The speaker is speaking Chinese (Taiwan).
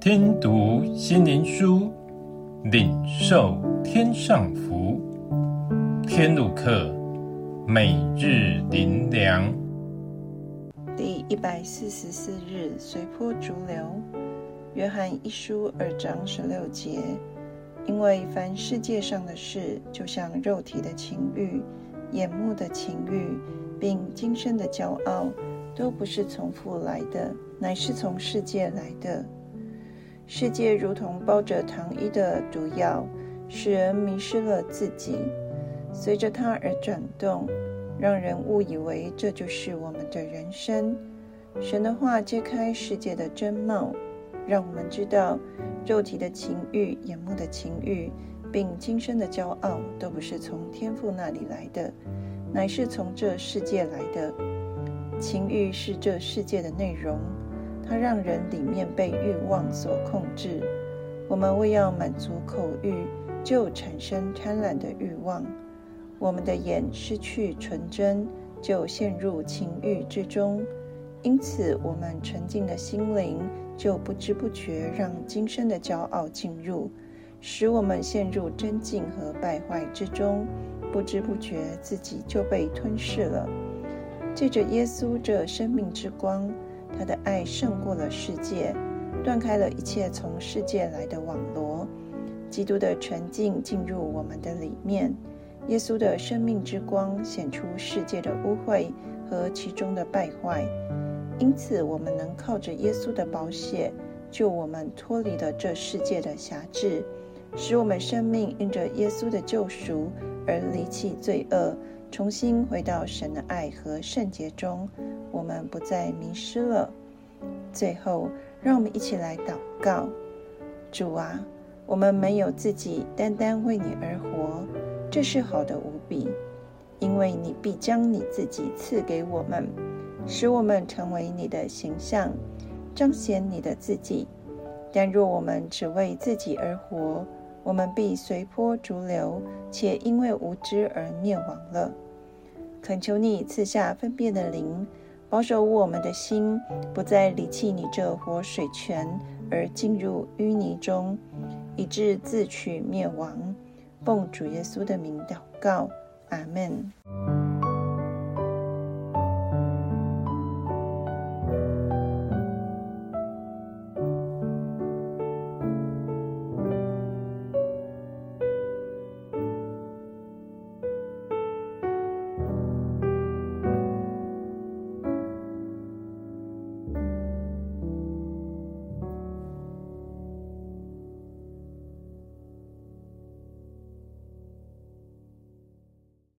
聽讀心靈書，領受天上福。天路客每日靈糧第一百四十四日，隨波逐流。約翰一書二章十六節，因為凡世界上的事，就像肉體的情慾、眼目的情慾，並今生的驕傲。都不是從父來的，乃是從世界來的。世界如同包着糖衣的毒藥，使人迷失了自己，隨着它而轉動，讓人誤以為這就是我們的人生。神的話揭開世界的真貌，讓我們知道，肉體的情慾、眼目的情慾，並今生的驕傲，都不是從天父那裡來的，乃是從這世界來的。情慾是這世界的內容，它讓人裡面被慾望所控制。我們為要滿足口慾，就產生貪婪的慾望；我們的眼失去純真，就陷入情慾之中。因此，我們純淨的心靈就不知不覺讓今生的驕傲進入，使我們陷入爭競和敗壞之中，不知不覺自己就被吞噬了。借着耶穌這生命之光，他的愛勝過了世界，斷開了一切從世界來的網羅。基督的純淨進入我們的裡面，耶穌的生命之光顯出世界的污穢和其中的敗壞。因此，我們能靠着耶穌的寶血，救我們脫離了這世界的轄制，使我們生命因着耶穌的救贖而離棄罪惡。重新回到神的愛和聖潔中，我們不再迷失了。最後，讓我們一起來禱告：主啊，我們沒有自己，單單為你而活，這是好得無比，因為你必將你自己賜給我們，使我們成為你的形像，彰顯你的自己。但若我們只為自己而活，我們必隨波逐流，且因為無知而滅亡了。懇求你賜下分辨的靈，保守我們的心，不再離棄你這活水泉，而進入淤泥中，以致自取滅亡。奉主耶穌的名禱告，阿門。